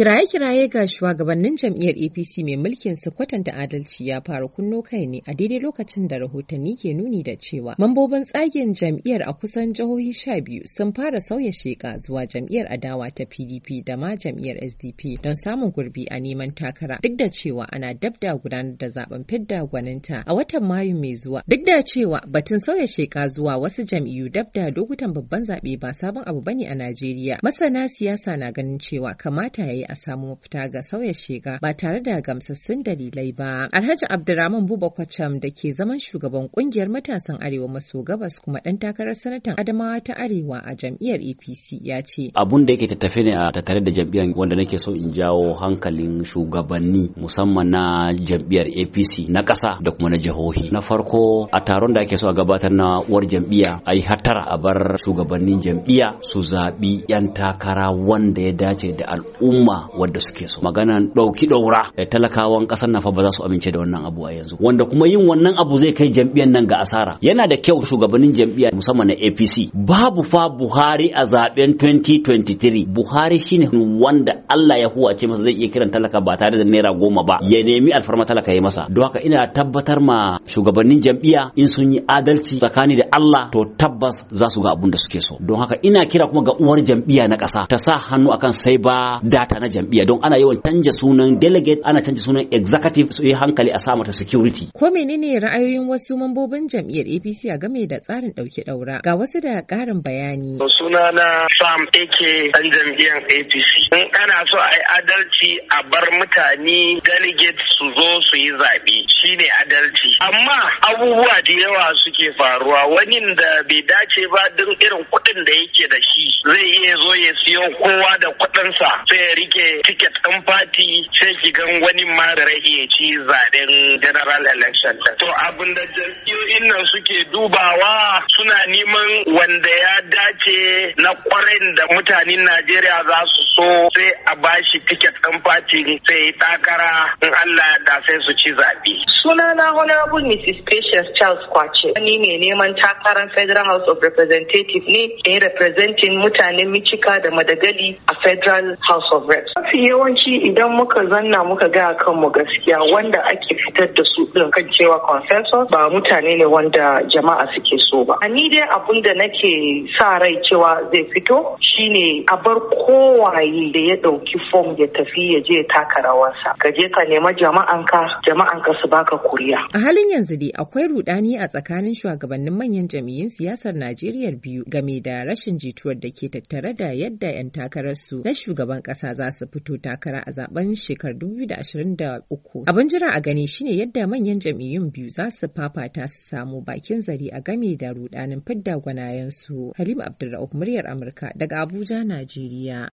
Kiraye-kiraye ga shugabannin jam'iyyar APC mai mulkin su kwatanta adalci ya fara kunno kai ne a daidai lokacin da rahotanni ke nuni da cewa mambobin tsagen jam'iyyar a kusan jihohi sha biyu sun fara sauya sheka zuwa jam'iyyar adawa ta PDP da ma jam'iyyar SDP don samun gurbi a neman takara duk da cewa ana da gudanar da zaben fidda gwaninta a watan Mayu mai zuwa duk da cewa batun sauya sheka zuwa wasu jam'iyyu da lokutan babban zaɓe ba sabon abu bane a Najeriya masana siyasa na ganin cewa kamata ya a samu mafita ga sauya shiga ba tare da gamsassun dalilai ba. Alhaji Abdurrahman Buba Kwacham da ke zaman shugaban kungiyar matasan Arewa maso gabas kuma ɗan takarar sanatan Adamawa ta Arewa a jam'iyyar APC ya ce. Abun da yake tattafe ne a tattare da jam'iyyar wanda nake so in jawo hankalin shugabanni musamman na jam'iyyar APC na ƙasa da kuma na jihohi. Na farko a taron da ake so a gabatar na uwar jam'iyya a yi hatara a bar shugabannin jam'iyya su zaɓi 'yan takara wanda ya dace da al'umma wanda suke so maganan ɗauki ɗaura eh, talakawan ƙasar nan fa ba za su amince da wannan abu a yanzu wanda kuma yin wannan abu zai kai jam'iyyar nan ga asara yana da kyau shugabannin jam'iyya musamman na APC babu fa Buhari a zaben 2023 Buhari shine wanda Allah ya huwace masa zai iya kiran talaka ba tare da naira goma ba ya nemi alfarma talaka ya masa don haka ina tabbatar ma shugabannin jam'iyya in sun yi adalci tsakani da Allah to tabbas za su ga abun da suke so don haka ina kira kuma ga uwar jam'iyya na kasa. ta sa hannu akan sai ba data na jam'iyya don ana yawan canja sunan delegate ana canja sunan executive su yi hankali a sa mata security ko menene ra'ayoyin wasu mambobin jam'iyyar APC a game da tsarin dauke ɗaura, ga wasu da karin bayani suna na Sam AK dan jam'iyyar APC in ana so a yi adalci a bar mutane delegate su zo su yi zaɓe Shi ne adalci amma abubuwa da yawa suke faruwa wani da bai dace ba don irin kuɗin da yake da shi zai iya zo ya siyo kowa da kuɗinsa sai ya rike tiket ɗin fati sai ki gan wani ma da ya ci zaɓen general election to abin da jam'iyyoyin nan suke dubawa suna neman wanda ya dace na kwarin da mutanen Najeriya za su so sai a bashi tiket ɗin fati sai takara in Allah da sai su ci zaɓe. Sunana Honorable Mrs. Patience Charles Kwace ni ne neman takarar Federal House of Representatives ne in eh, representing mutanen Michika da Madagali a Federal House of Reps. Mafi yawanci idan muka zanna muka ga mu gaskiya wanda ake fitar da su ɗin kan cewa consensus ba mutane ne wanda jama'a suke so ba. ni dai abun da nake sa rai cewa zai fito shine a bar kowaye da ya ɗauki fom ya tafi ya je taka rawarsa ka je ka nema jama'an ka jama'an ka su baka kuriya a halin yanzu dai akwai rudani a tsakanin shugabannin manyan jami'in siyasar Najeriya biyu game da rashin jituwar da ke tattare da yadda 'yan takarar su na shugaban kasa za su fito takara a zaben shekarar 2023 abin jira a gani shine yadda manyan jam'iyyun biyu za su fafata su samu bakin zari a game da rudani rudanin fidda gwanayensu. Halim Abdulra'uf muryar Amurka daga Abuja, Najeriya.